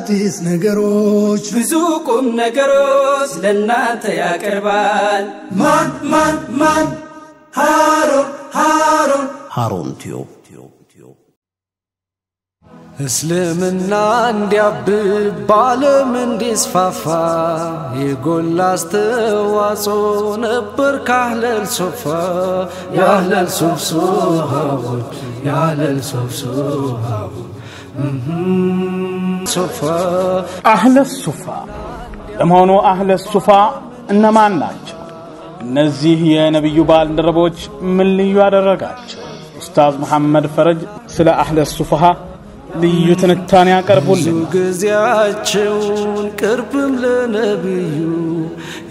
አዳዲስ ነገሮች ብዙ ቁም ነገሮች ለእናንተ ያቀርባል። ማን ማን ማን ሃሩን ሃሩን ሃሩን ቲዩብ እስልምና እንዲያብብ በዓለም እንዲስፋፋ የጎላ አስተዋጽኦ ነበር ካህለል ሶፋ ያህለል ሶፍሶሃቦች ያህለል ሶፍሶሃቦች አህለ ሱፋ ለመሆኑ አህለ ሱፋ እነማን ናቸው? እነዚህ የነቢዩ ባልደረቦች ምን ልዩ ያደረጋቸው? ኡስታዝ መሐመድ ፈረጅ ስለ አህለ ሱፋሃ ልዩ ትንታኔ ያቀርቡልን። ጊዜያቸውን ቅርብም ለነቢዩ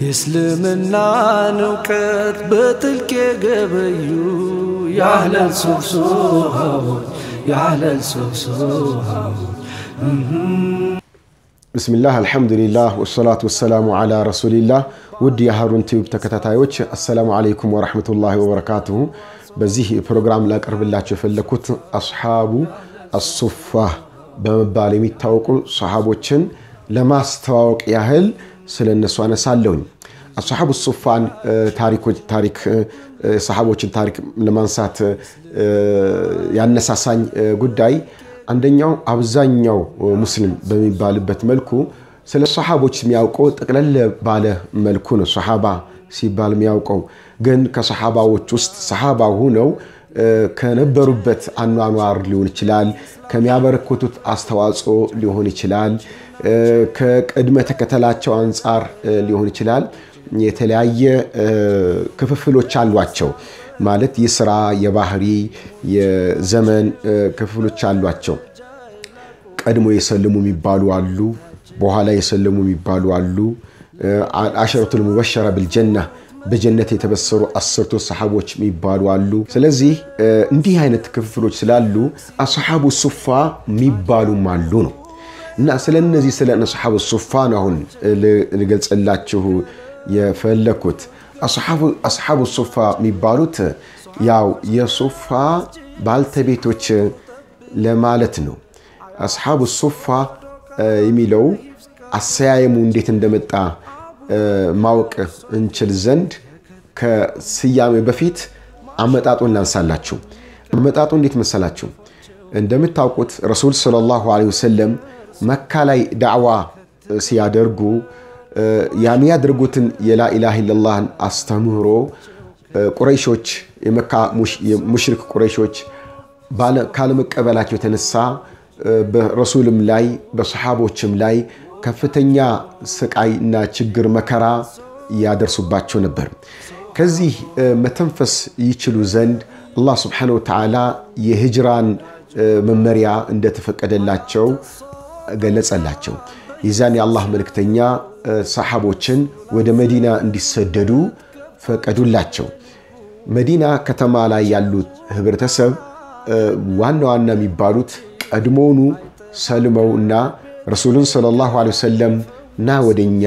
የእስልምናን እውቀት በጥልቅ የገበዩ የአህለን ሱፍሱሃዎች على السوسوها بسم الله الحمد لله والصلاة والسلام على رسول الله هارون عليكم وبركاته የሀሩን ቲዩብ ተከታታዮች አሰላሙ አለይኩም ወረሕመቱላሂ ወበረካቱሁ። በዚህ ፕሮግራም ላቀርብላቸው የፈለኩት አስሓቡ አሱፋ በመባል لما ሰሃቦችን ለማስተዋወቅ ያህል ስለ سالون أصحاب الصفة تاريخ تاريخ ሰሓቦችን ታሪክ ለማንሳት ያነሳሳኝ ጉዳይ አንደኛው አብዛኛው ሙስሊም በሚባልበት መልኩ ስለ ሰሓቦች የሚያውቀው ጠቅለል ባለ መልኩ ነው። ሰሓባ ሲባል የሚያውቀው ግን ከሰሓባዎች ውስጥ ሰሓባ ሆነው ከነበሩበት አኗኗር ሊሆን ይችላል፣ ከሚያበረክቱት አስተዋጽኦ ሊሆን ይችላል፣ ከቅድመ ተከተላቸው አንጻር ሊሆን ይችላል የተለያየ ክፍፍሎች አሏቸው። ማለት የስራ፣ የባህሪ፣ የዘመን ክፍፍሎች አሏቸው። ቀድሞ የሰለሙ የሚባሉ አሉ። በኋላ የሰለሙ የሚባሉ አሉ። አሸረቱል ሙበሸረ ብልጀና በጀነት የተበሰሩ አስርቱ ሰሓቦች የሚባሉ አሉ። ስለዚህ እንዲህ አይነት ክፍፍሎች ስላሉ አሰሓቡ ሱፋ የሚባሉም አሉ ነው እና ስለነዚህ ስለ አስሓቡ ሱፋ ነው አሁን ልገልጽላችሁ የፈለግኩት። አስሓቡ ሱፋ የሚባሉት ያው የሱፋ ባልተቤቶች ለማለት ነው። አስሓቡ ሱፋ የሚለው አሰያየሙ እንዴት እንደመጣ ማወቅ እንችል ዘንድ ከስያሜ በፊት አመጣጡን ላንሳላችሁ። አመጣጡ እንዴት መሰላችሁ? እንደምታውቁት ረሱል ሰለላሁ ዐለይሂ ወሰለም መካ ላይ ዳዕዋ ሲያደርጉ የሚያደርጉትን የላኢላህ ኢለላህን አስተምህሮ ቁረይሾች የመካ ሙሽሪክ ቁረይሾች ካለመቀበላቸው የተነሳ በረሱልም ላይ በሰሓቦችም ላይ ከፍተኛ ስቃይና ችግር መከራ ያደርሱባቸው ነበር። ከዚህ መተንፈስ ይችሉ ዘንድ አላህ ስብሓነሁ ወተዓላ የህጅራን መመሪያ እንደተፈቀደላቸው ገለጸላቸው። የዛን የአላህ መልእክተኛ ሰሓቦችን ወደ መዲና እንዲሰደዱ ፈቀዱላቸው። መዲና ከተማ ላይ ያሉት ህብረተሰብ ዋና ዋና የሚባሉት ቀድሞውኑ ሰልመውና ረሱሉን ሰለላሁ ዐለይሂ ወሰለም ና ወደኛ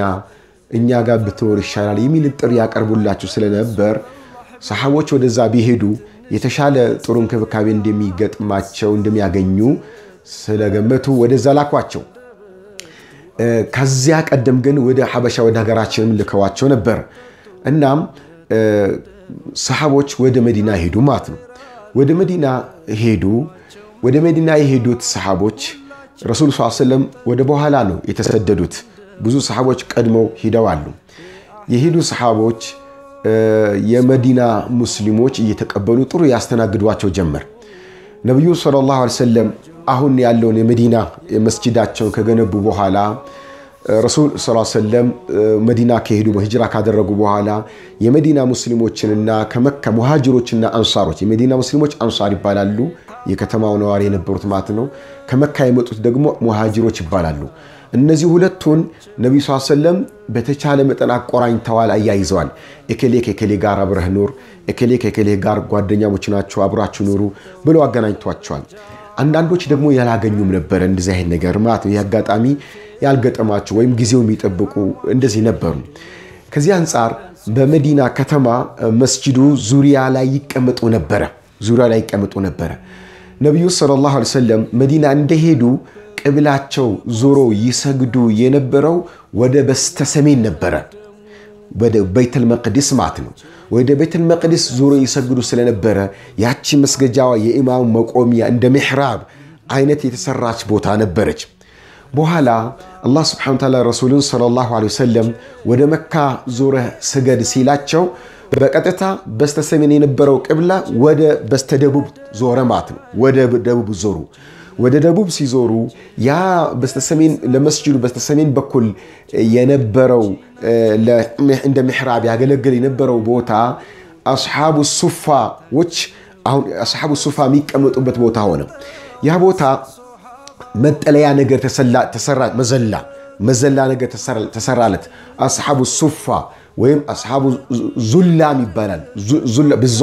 እኛ ጋር ብትኖር ይሻላል የሚል ጥሪ ያቀርቡላቸው ስለነበር ሰሓቦች ወደዛ ቢሄዱ የተሻለ ጥሩ እንክብካቤ እንደሚገጥማቸው እንደሚያገኙ ስለገመቱ ወደዛ ላኳቸው። ከዚያ ቀደም ግን ወደ ሐበሻ ወደ ሀገራችንም ልከዋቸው ነበር። እናም ሰሃቦች ወደ መዲና ሄዱ ማለት ነው። ወደ መዲና ሄዱ። ወደ መዲና የሄዱት ሰሃቦች ረሱል ስ ሰለም ወደ በኋላ ነው የተሰደዱት። ብዙ ሰሃቦች ቀድመው ሂደዋሉ። የሄዱ ሰሃቦች የመዲና ሙስሊሞች እየተቀበሉ ጥሩ ያስተናግዷቸው ጀመር። ነቢዩ ሰለላሁ ዐለይሂ ወሰለም አሁን ያለውን የመዲና መስጂዳቸውን ከገነቡ በኋላ ረሱል ሰለም መዲና ከሄዱ ሂጅራ ካደረጉ በኋላ የመዲና ሙስሊሞችንና ከመካ ሙሃጅሮችና አንሳሮች የመዲና ሙስሊሞች አንሳር ይባላሉ። የከተማው ነዋሪ የነበሩት ማለት ነው። ከመካ የመጡት ደግሞ ሙሃጅሮች ይባላሉ። እነዚህ ሁለቱን ነቢ ሰለም በተቻለ መጠን አቆራኝተዋል፣ አያይዘዋል። ኤኬሌ ከኤኬሌ ጋር አብረህ ኑር፣ ኤኬሌ ከኤኬሌ ጋር ጓደኛሞች ናቸው፣ አብራችሁ ኑሩ ብለው አገናኝቷቸዋል። አንዳንዶች ደግሞ ያላገኙም ነበረ እንደዚህ አይነት ነገር ማለት ነው። ይህ ያልገጠማቸው ወይም ጊዜው የሚጠብቁ እንደዚህ ነበሩ። ከዚህ አንጻር በመዲና ከተማ መስጂዱ ዙሪያ ላይ ይቀመጡ ነበረ ዙሪያ ላይ ይቀመጡ ነበረ። ነቢዩ ሰለላሁ ዐለይሂ ወሰለም መዲና እንደሄዱ ቅብላቸው ዞሮ ይሰግዱ የነበረው ወደ በስተሰሜን ነበረ። ወደ ቤተል መቅዲስ ማለት ነው። ወደ ቤተል መቅዲስ ዙሮ ይሰግዱ ስለነበረ ያቺ መስገጃዋ የኢማም መቆሚያ እንደ ምሕራብ አይነት የተሰራች ቦታ ነበረች። በኋላ አላህ ስብሐነሁ ወተዓላ ረሱሉን ሰለላሁ ዐለይሂ ወሰለም ወደ መካ ዙረ ስገድ ሲላቸው በቀጥታ በስተሰሜን የነበረው ቅብላ ወደ በስተደቡብ ዞረ ማለት ነው። ወደ ደቡብ ዞሩ። ወደ ደቡብ ሲዞሩ ያ በስተሰሜን ለመስጅዱ በስተሰሜን በኩል የነበረው እንደ ምሕራብ ያገለግል የነበረው ቦታ አስሓቡ ሱፋዎች አሁን አስሓቡ ሱፋ የሚቀመጡበት ቦታ ሆነ። ያ ቦታ መጠለያ ነገር ተሰራ፣ መዘላ መዘላ ነገር ተሰራለት። አስሓቡ ሱፋ ወይም አስሓቡ ዙላም ይባላል ብዛ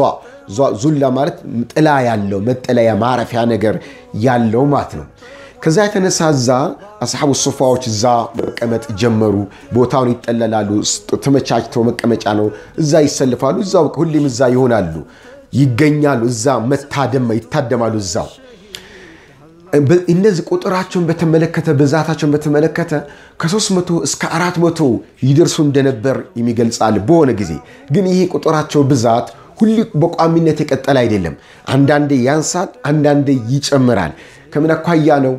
ዙላ ማለት ጥላ ያለው መጠለያ ማረፊያ ነገር ያለው ማለት ነው። ከዛ የተነሳ እዛ አስሓቡ ሱፋዎች እዛ መቀመጥ ጀመሩ። ቦታውን ይጠለላሉ። ተመቻችተው መቀመጫ ነው። እዛ ይሰልፋሉ። እዛ ሁሌም እዛ ይሆናሉ፣ ይገኛሉ። እዛ መታደማ ይታደማሉ። እዛው እነዚህ ቁጥራቸውን በተመለከተ ብዛታቸውን በተመለከተ ከ300 እስከ 400 ይደርሱ እንደነበር የሚገልጻል። በሆነ ጊዜ ግን ይሄ ቁጥራቸው ብዛት ሁሌ በቋሚነት የቀጠለ አይደለም። አንዳንዴ ያንሳል፣ አንዳንዴ ይጨምራል። ከምን አኳያ ነው?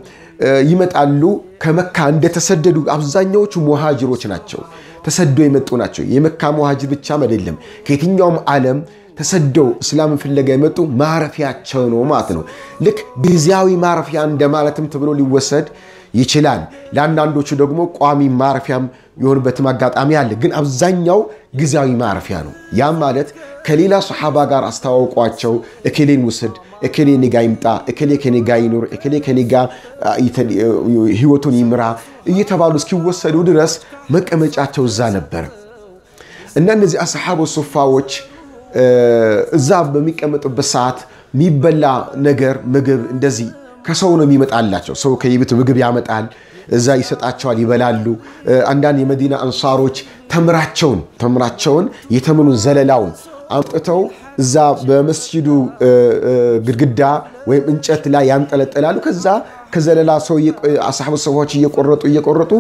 ይመጣሉ ከመካ እንደተሰደዱ አብዛኛዎቹ መሃጅሮች ናቸው፣ ተሰደው የመጡ ናቸው። የመካ መሃጅር ብቻም አይደለም፣ ከየትኛውም ዓለም ተሰደው እስላምን ፍለጋ የመጡ ማረፊያቸው ነው ማለት ነው። ልክ ጊዜያዊ ማረፊያ እንደማለትም ተብሎ ሊወሰድ ይችላል። ለአንዳንዶቹ ደግሞ ቋሚ ማረፊያም የሆንበትም አጋጣሚ አለ። ግን አብዛኛው ጊዜያዊ ማረፊያ ነው። ያም ማለት ከሌላ ሰሓባ ጋር አስተዋውቋቸው እክሌን ውስድ፣ እክሌ ኔጋ ይምጣ፣ እክሌ ከኔጋ ይኑር፣ እክሌ ከኔጋ ህይወቱን ይምራ እየተባሉ እስኪወሰዱ ድረስ መቀመጫቸው እዛ ነበር እና እነዚህ አሰሓቦ ሱፋዎች እዛ በሚቀመጡበት ሰዓት የሚበላ ነገር ምግብ እንደዚህ ከሰው ነው የሚመጣላቸው። ሰው ከየቤቱ ምግብ ያመጣል። እዛ ይሰጣቸዋል፣ ይበላሉ። አንዳንድ የመዲና አንሳሮች ተምራቸውን ተምራቸውን የተምኑን ዘለላውን አምጥተው እዛ በመስጂዱ ግድግዳ ወይም እንጨት ላይ ያንጠለጠላሉ። ከዛ ከዘለላ ሰው አሳቡ ሰዎች እየቆረጡ እየቆረጡ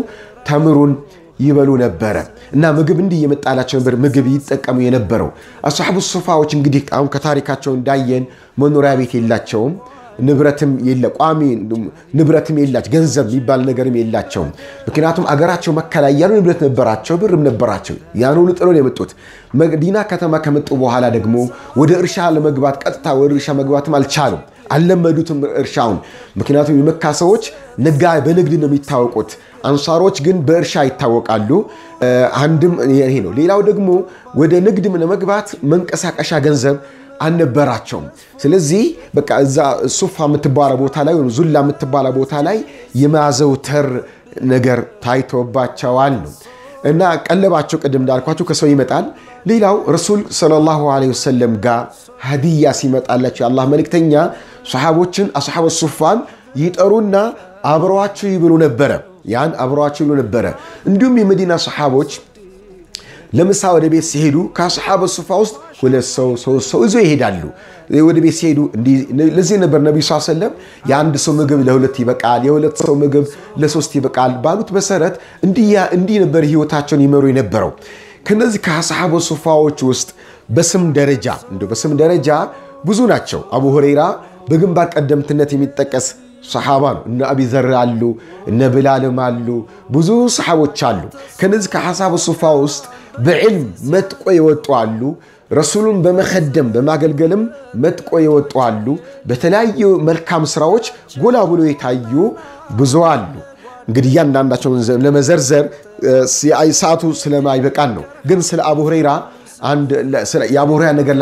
ተምሩን ይበሉ ነበረ እና ምግብ እንዲህ የመጣላቸው ነበር ምግብ ይጠቀሙ የነበረው አሳቡ ሶፋዎች። እንግዲህ አሁን ከታሪካቸው እንዳየን መኖሪያ ቤት የላቸውም። ንብረትም የለ ቋሚ ንብረትም የላቸው ገንዘብ የሚባል ነገርም የላቸውም። ምክንያቱም አገራቸው መካ ላይ ያሉ ንብረት ነበራቸው፣ ብርም ነበራቸው። ያን ሁሉ ጥሎ የመጡት መዲና ከተማ ከመጡ በኋላ ደግሞ ወደ እርሻ ለመግባት ቀጥታ ወደ እርሻ መግባትም አልቻሉም። አልለመዱትም እርሻውን። ምክንያቱም የመካ ሰዎች ነጋ በንግድ ነው የሚታወቁት። አንሳሮች ግን በእርሻ ይታወቃሉ። አንድም ይሄ ነው። ሌላው ደግሞ ወደ ንግድም ለመግባት መንቀሳቀሻ ገንዘብ አልነበራቸውም። ስለዚህ በቃ እዛ ሱፋ የምትባለ ቦታ ላይ ወይም ዙላ የምትባለ ቦታ ላይ የማዘውተር ነገር ታይቶባቸዋል ነው እና ቀለባቸው ቅድም እንዳልኳቸው ከሰው ይመጣል። ሌላው ረሱል ሰለላሁ ዐለይሂ ወሰለም ጋር ሀዲያ ሲመጣላቸው የአላህ መልእክተኛ ሰሓቦችን አስሓበ ሱፋን ይጠሩና አብረዋቸው ይብሉ ነበረ። ያን አብረዋቸው ይብሉ ነበረ። እንዲሁም የመዲና ሰሓቦች ለምሳ ወደ ቤት ሲሄዱ ከአስሓበ ሱፋ ውስጥ ሁለት ሰው ሶስት ሰው ይዞ ይሄዳሉ ወደ ቤት ሲሄዱ። ለዚህ ነበር ስ ሰለም የአንድ ሰው ምግብ ለሁለት ይበቃል፣ የሁለት ሰው ምግብ ለሶስት ይበቃል ባሉት መሰረት እንዲህ ነበር ህይወታቸውን ይመሩ የነበረው። ከነዚህ ከአስሓቦ ሱፋዎች ውስጥ በስም ደረጃ በስም ደረጃ ብዙ ናቸው። አቡ ሁሬራ በግንባር ቀደምትነት የሚጠቀስ ሰሓባ ነው። እነ አቢዘር አሉ፣ እነ ብላልም አሉ፣ ብዙ ሰሓቦች አሉ። ከነዚህ ከአስሓቦ ሱፋ ውስጥ በዕልም መጥቆ የወጡ አሉ። ረሱሉን በመከደም በማገልገልም መጥቆ የወጡ አሉ። በተለያዩ መልካም ስራዎች ጎላ ብሎ የታዩ ብዙ አሉ። እንግዲህ እያንዳንዳቸውን ለመዘርዘር ሰዓቱ ስለማይበቃን ነው። ግን ስለ አቡ ሁረይራ የአቡ ሁረይራ ነገር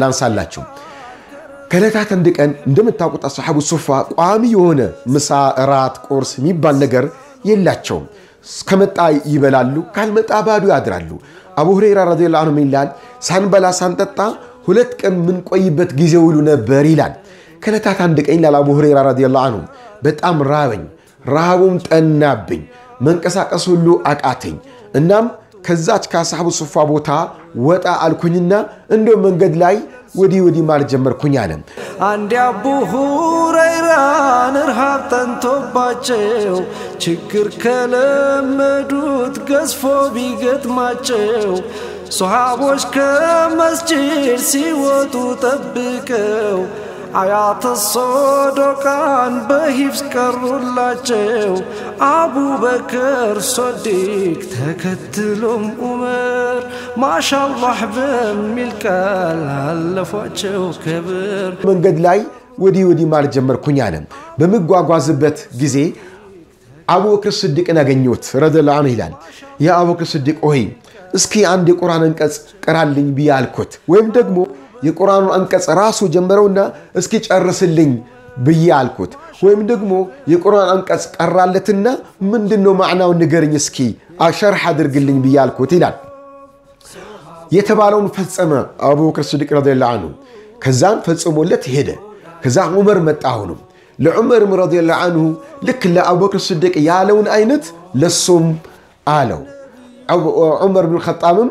ላንሳላቸው። ከዕለታት አንድ ቀን እንደምታውቁት አስሓቡ ሱፋ ቋሚ የሆነ ምሳ፣ እራት፣ ቁርስ የሚባል ነገር የላቸውም። ከመጣ ይበላሉ፣ ካልመጣ ባዶ ያድራሉ። አቡ ሁረይራ ረዲየላሁ ዐንሁ ይላል ሳንበላ ሳንጠጣ ሁለት ቀን ምንቆይበት ጊዜ ውሉ ነበር ይላል። ከለታት አንድ ቀን ይላል አቡ ሁረይራ ረዲየላሁ ዐንሁ በጣም ራበኝ፣ ረሃቡም ጠናብኝ፣ መንቀሳቀስ ሁሉ አቃተኝ። እናም ከዛች ከአስሐቡ ሱፋ ቦታ ወጣ አልኩኝና እንደ መንገድ ላይ ወዲህ ወዲህ ማለት ጀመርኩኝ አለ። አንድ አቡ ሁረይራን ረሃብ ጠንቶባቸው ችግር ከለመዱት ገዝፎ ቢገጥማቸው ሶሃቦች ከመስጅድ ሲወጡ ጠብቀው አያተ ሶዶቃን በሂብስ ቀሩላቸው። አቡበክር ሶዲቅ ተከትሎም ዑመር ማሻአላህ በሚል ቃል አለፏቸው ክብር። መንገድ ላይ ወዲህ ወዲህ ማለት ጀመርኩኝ አለም በምጓጓዝበት ጊዜ አቡበክር ስዲቅን አገኘሁት ረዲየላሁ ዐንሁ ይላል። ያ ስዲቅ ሆይ እስኪ አንድ የቁርአን አንቀጽ ቅራልኝ ብዬ አልኩት። ወይም ደግሞ የቁርአኑን አንቀጽ ራሱ ጀምረውና እስኪ ጨርስልኝ ብዬ አልኩት። ወይም ደግሞ የቁርአን አንቀጽ ቀራለትና ምንድን ነው ማዕናውን ንገርኝ እስኪ አሸርሕ አድርግልኝ ብዬ አልኩት ይላል። የተባለውን ፈጸመ አቡበክር ስዲቅ ረዲየላሁ አንሁ። ከዛን ፈጽሞለት ሄደ። ከዛ ዑመር መጣ። አሁንም ለዑመርም ረዲየላሁ አንሁ ልክ ለአቡበክር ስዲቅ ያለውን አይነት ለሱም አለው። ዑመር ብን ኸጣብም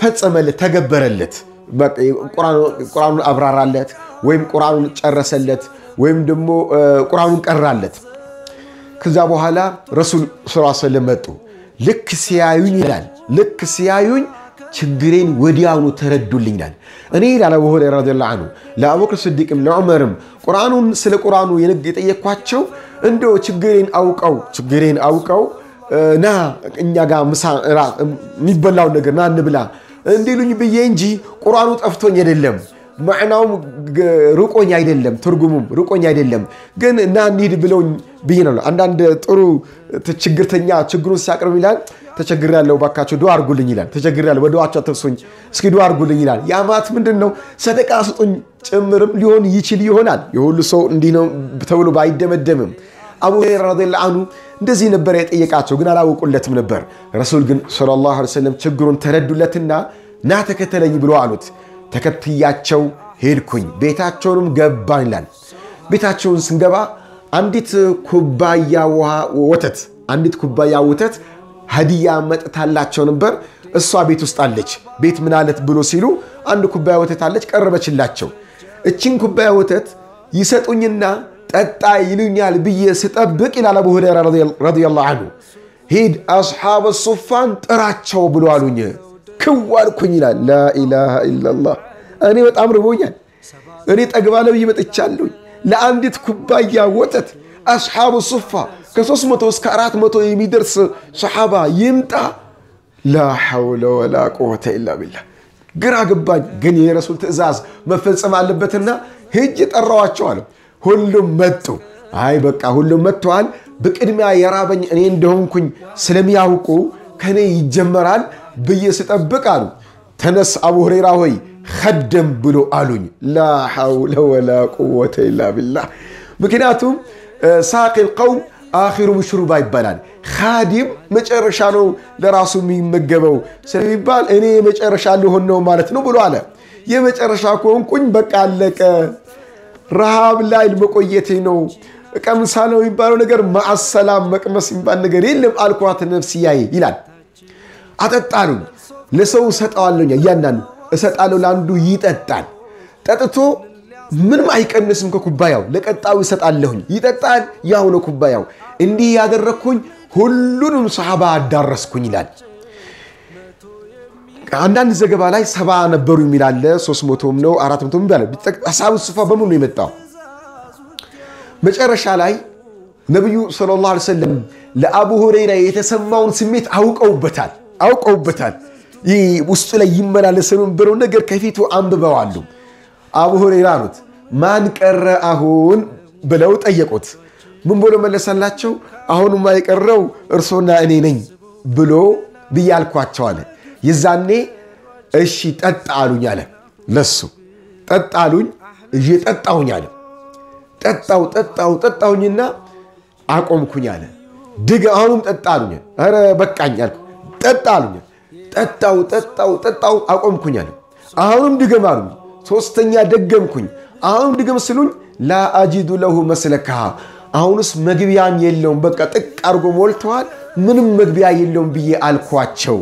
ፈጸመለት፣ ተገበረለት። ቁርአኑን አብራራለት ወይም ቁርአኑን ጨረሰለት ወይም ደግሞ ቁርአኑን ቀራለት። ከዛ በኋላ ረሱል ስ ሰለም መጡ። ልክ ሲያዩኝ ይላል ልክ ሲያዩኝ ችግሬን ወዲያውኑ ተረዱልኛል። እኔ ለአቡ ሁረይራ ረዲየላሁ ዐንሁ ለአቡበክር ስዲቅም ለዑመርም ቁርአኑን ስለ ቁርአኑ የጠየኳቸው እንደ ችግሬን አውቀው ችግሬን አውቀው ና እኛ ጋር ምሳ የሚበላውን ነገር ና እንብላ እንዲሉኝ ብዬ እንጂ ቁርአኑ ጠፍቶኝ አይደለም። ማዕናውም ርቆኝ አይደለም፣ ትርጉሙም ርቆኝ አይደለም። ግን እና እንሂድ ብለውኝ ብዬ ነው። አንዳንድ ጥሩ ችግርተኛ ችግሩን ሲያቅርብ ይላል ተቸግር ያለው ባካቸው ዱዓ አርጉልኝ ይላል። ተቸግር ያለው በዱዓቸው አትርሱኝ፣ እስኪ ዱዓ አርጉልኝ ይላል። ያ ማለት ምንድን ነው? ሰደቃ ስጡኝ ጭምርም ሊሆን ይችል ይሆናል። የሁሉ ሰው እንዲህ ነው ተብሎ ባይደመደምም አቡ ሁረይራ ረዲየላሁ አንሁ እንደዚህ ነበር የጠየቃቸው፣ ግን አላወቁለትም ነበር። ረሱል ግን ሰለላሁ ዐለይሂ ወሰለም ችግሩን ተረዱለትና ና ተከተለኝ ብሎ አሉት። ተከትያቸው ሄድኩኝ፣ ቤታቸውንም ገባን ይላል። ቤታቸውን ስንገባ አንዲት ኩባያ ወተት አንዲት ኩባያ ወተት ሀዲያ መጥታላቸው ነበር። እሷ ቤት ውስጥ አለች። ቤት ምናለት ብሎ ሲሉ አንድ ኩባያ ወተት አለች፣ ቀረበችላቸው። እችን ኩባያ ወተት ይሰጡኝና ጠጣ ይሉኛል ብዬ ስጠብቅ ይላል አቡ ሁረይራ ረዲየላሁ አንሁ ሂድ አስሓብ ሱፋን ጥራቸው ብሎ አሉኝ። ክዋልኩኝ ይላል። ላኢላሃ ኢላላህ እኔ በጣም ርቦኛል። እኔ ጠግባለሁ ብዬ መጥቻለሁ። ለአንዲት ኩባያ ወተት አስሓብ ሱፋ ከ300 እስከ 400 የሚደርስ ሰሓባ ይምጣ። ላ ሐውለ ወላ ቁወተ ኢላ ቢላህ። ግራ ግባኝ ግን የረሱል ትእዛዝ መፈጸም አለበትና ሂጅ ጠራዋቸው አለው። ሁሉም መጡ። አይ በቃ ሁሉም መጥተዋል። በቅድሚያ የራበኝ እኔ እንደሆንኩኝ ስለሚያውቁ ከእኔ ይጀመራል ብዬ ስጠብቅ አሉ። ተነስ አቡ ሁሬራ ሆይ ከደም ብሎ አሉኝ። ላ ሐውለ ወላ ቁወተ ኢላ ቢላህ። ምክንያቱም ሳቂል ቀውም አኺሩ ሙሽሩባ ይባላል። ካዲም መጨረሻ ነው ለራሱ የሚመገበው ስለሚባል እኔ የመጨረሻ ልሆን ነው ማለት ነው ብሎ አለ። የመጨረሻ ከሆንኩኝ በቃ አለቀ ረሃብ ላይ መቆየቴ ነው። እቀምሳለሁ የሚባለው ነገር ማአሰላም መቅመስ የሚባል ነገር የለም። አልኩራት ነፍስያዬ ይላል። አጠጣሉ ለሰው እሰጠዋለሁ፣ እያንዳንዱ እሰጣለሁ፣ ለአንዱ ይጠጣል። ጠጥቶ ምንም አይቀንስም ከኩባያው፣ ለቀጣዩ እሰጣለሁኝ፣ ይጠጣል፣ ያው ነው ኩባያው። እንዲህ ያደረግኩኝ ሁሉንም ሰሃባ አዳረስኩኝ ይላል። አንዳንድ ዘገባ ላይ ሰባ ነበሩ የሚላለ ሶስት መቶም ነው አራት መቶ የሚባለ ሀሳብ ስፋ በሙሉ ነው የመጣው። መጨረሻ ላይ ነቢዩ ሰለላሁ ዐለይሂ ወሰለም ለአቡ ሁረይራ የተሰማውን ስሜት አውቀውበታል አውቀውበታል። ይህ ውስጡ ላይ ይመላለስ የነበረው ነገር ከፊቱ አንብበዋሉ። አቡ ሁረይራ አሉት ማን ቀረ አሁን ብለው ጠየቁት። ምን ብሎ መለሰላቸው? አሁንማ የቀረው እርሶና እኔ ነኝ ብሎ ብያልኳቸው አለ። ይዛኔ እሺ ጠጣ አሉኝ አለ። ለሱ ጠጣ አሉኝ፣ እየጠጣሁኝ አለ። ጠጣው ጠጣው ጠጣሁኝና አቆምኩኝ አለ። ድግ አሁንም ጠጣ አሉኝ። ኧረ በቃኝ አልኩ። ጠጣ አሉኝ። ጠጣው ጠጣው ጠጣው አቆምኩኝ አለ። አሁንም ድገም አሉኝ። ሶስተኛ ደገምኩኝ። አሁንም ድገም ስሉኝ ላአጂዱ ለሁ መስለካሃ አሁንስ መግቢያም የለውም። በቃ ጥቅ አድርጎ ሞልተዋል። ምንም መግቢያ የለውም ብዬ አልኳቸው።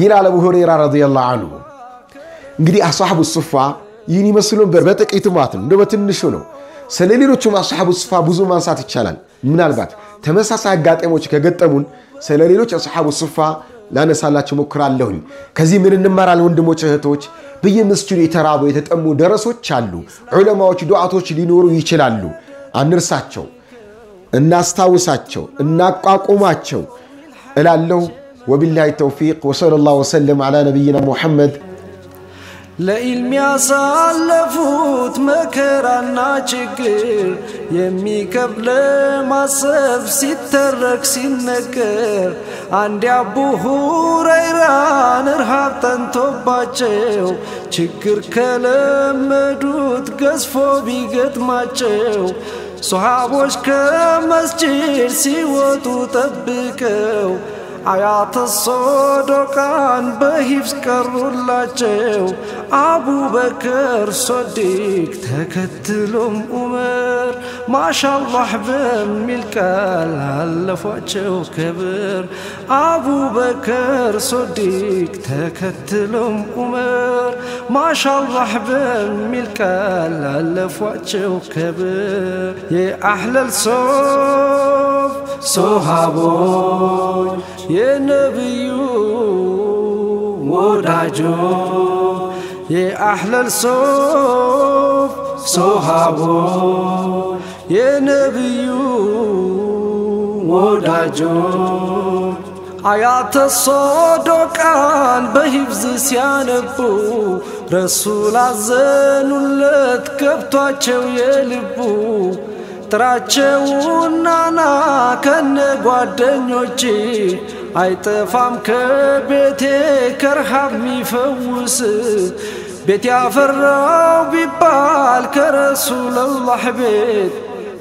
ይላል አቡ ሁረይራ ረዲየላሁ አንሁ። እንግዲህ አስሓቡ ሱፋ ይህን ይመስሉ ነበር። በጥቂቱ ማለት ነው፣ እንደ በትንሹ ነው። ስለ ሌሎቹም አስሓቡ ሱፋ ብዙ ማንሳት ይቻላል። ምናልባት ተመሳሳይ አጋጣሚዎች ከገጠሙን ስለ ሌሎች አስሓቡ ሱፋ ላነሳላቸው ሞክራለሁኝ። ከዚህ ምን እንማራለን ወንድሞች እህቶች? በየመስጅዱ የተራቡ የተጠሙ ደረሶች አሉ። ዑለማዎች፣ ዱዓቶች ሊኖሩ ይችላሉ። አንርሳቸው፣ እናስታውሳቸው፣ እናቋቁማቸው እላለሁ። وبالله التوفيق وصلى الله وسلم على نبينا محمد لا ليل ما سالفوت مكر الناشقر يمي قبل ما سب سترك سنكر عند ابو هريرة نرهاب تنتو باچو چكر كلم مدود قصفو بيقت ماچو صحابوش كمسجر سيوتو تبكو تبكو አያተ ሶዶቃን በሂብስ ቀሩላቸው አቡበከር ሶዲቅ ተከትሎም ኡመር كبر ما شلح بملك الهلفوች وكبر أبو بكر صديق تكتلم عمر ما شلح بملك الهلفوች وكبر يا احلى الصوف صحابوች يا نبيو يا احلى الصوف ሶሃቦ የነቢዩ ወዳጆ አያተ ሶዶቃን በሂብዝ ሲያነቡ ረሱል አዘኑለት ገብቷቸው የልቡ ጥራቸውናና ከነ ጓደኞቼ አይጥፋም ከቤቴ ከረሃብ የሚፈውስ ቤት ያፈራው ቢባል ከረሱል አላህ ቤት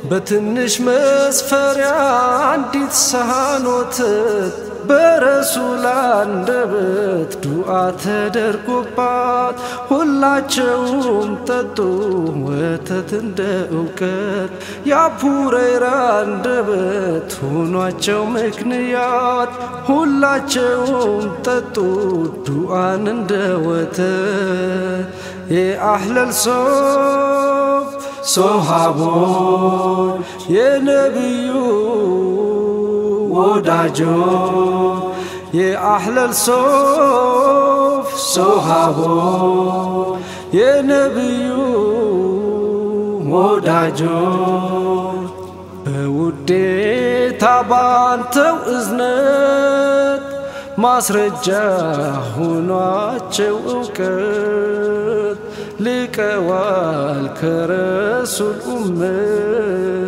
በትንሽ መስፈሪያ አንዲት ሰሃን ወተት በረሱል አንደበት ዱዓ ተደርጎባት ሁላቸውም ጠጡ ወተት እንደ እውቀት የአቡረይራ አንደበት ሆኗቸው ምክንያት ሁላቸውም ጠጡ ዱዓን እንደ ወተት የአህለል ሶፍ ሶሃቦች የነቢዩ ወዳጆ የአህለል ሶፍ ሶሃቦ የነቢዩ ወዳጆ በውዴታ ባንተው እዝነት ማስረጃ ሆኗቸው እውቀት ልቀዋል ከረሱል ኡመት